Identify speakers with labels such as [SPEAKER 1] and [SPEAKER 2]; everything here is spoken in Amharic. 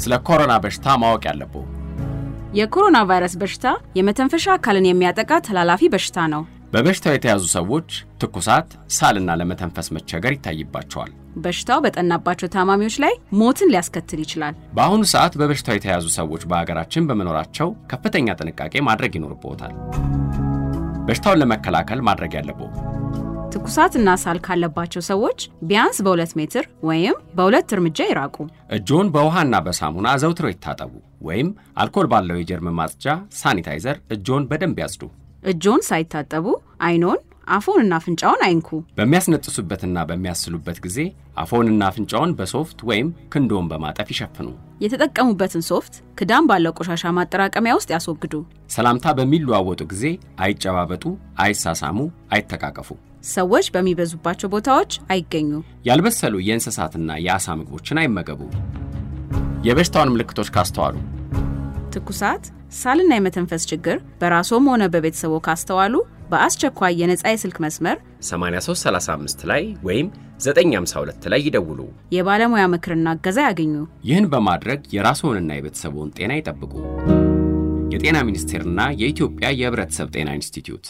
[SPEAKER 1] ስለ ኮሮና በሽታ ማወቅ ያለብዎ።
[SPEAKER 2] የኮሮና ቫይረስ በሽታ የመተንፈሻ አካልን የሚያጠቃ ተላላፊ በሽታ ነው።
[SPEAKER 1] በበሽታው የተያዙ ሰዎች ትኩሳት፣ ሳልና ለመተንፈስ መቸገር ይታይባቸዋል።
[SPEAKER 2] በሽታው በጠናባቸው ታማሚዎች ላይ ሞትን ሊያስከትል ይችላል።
[SPEAKER 1] በአሁኑ ሰዓት በበሽታው የተያዙ ሰዎች በሀገራችን በመኖራቸው ከፍተኛ ጥንቃቄ ማድረግ ይኖርብዎታል። በሽታውን ለመከላከል ማድረግ ያለብዎ
[SPEAKER 2] ትኩሳትና ሳል ካለባቸው ሰዎች ቢያንስ በሁለት ሜትር ወይም በሁለት እርምጃ ይራቁ።
[SPEAKER 1] እጆን በውሃና በሳሙና ዘውትሮ ይታጠቡ ወይም አልኮል ባለው የጀርም ማጽጃ ሳኒታይዘር እጆን በደንብ ያጽዱ።
[SPEAKER 2] እጆን ሳይታጠቡ አይኖን አፎንና አፍንጫውን አይንኩ።
[SPEAKER 1] በሚያስነጥሱበትና በሚያስሉበት ጊዜ አፎንና አፍንጫውን በሶፍት ወይም ክንዶን በማጠፍ ይሸፍኑ።
[SPEAKER 2] የተጠቀሙበትን ሶፍት ክዳን ባለው ቆሻሻ ማጠራቀሚያ ውስጥ ያስወግዱ።
[SPEAKER 1] ሰላምታ በሚለዋወጡ ጊዜ አይጨባበጡ፣ አይሳሳሙ፣ አይተቃቀፉ።
[SPEAKER 2] ሰዎች በሚበዙባቸው ቦታዎች አይገኙ።
[SPEAKER 1] ያልበሰሉ የእንስሳትና የአሳ ምግቦችን አይመገቡ። የበሽታውን ምልክቶች ካስተዋሉ
[SPEAKER 2] ትኩሳት ሳልና የመተንፈስ ችግር በራስዎም ሆነ በቤተሰቦ ካስተዋሉ በአስቸኳይ የነፃ የስልክ መስመር
[SPEAKER 1] 8335 ላይ ወይም 952 ላይ ይደውሉ።
[SPEAKER 2] የባለሙያ ምክርና እገዛ ያገኙ።
[SPEAKER 1] ይህን በማድረግ የራስዎንና የቤተሰቦን ጤና ይጠብቁ። የጤና ሚኒስቴርና የኢትዮጵያ የሕብረተሰብ ጤና ኢንስቲትዩት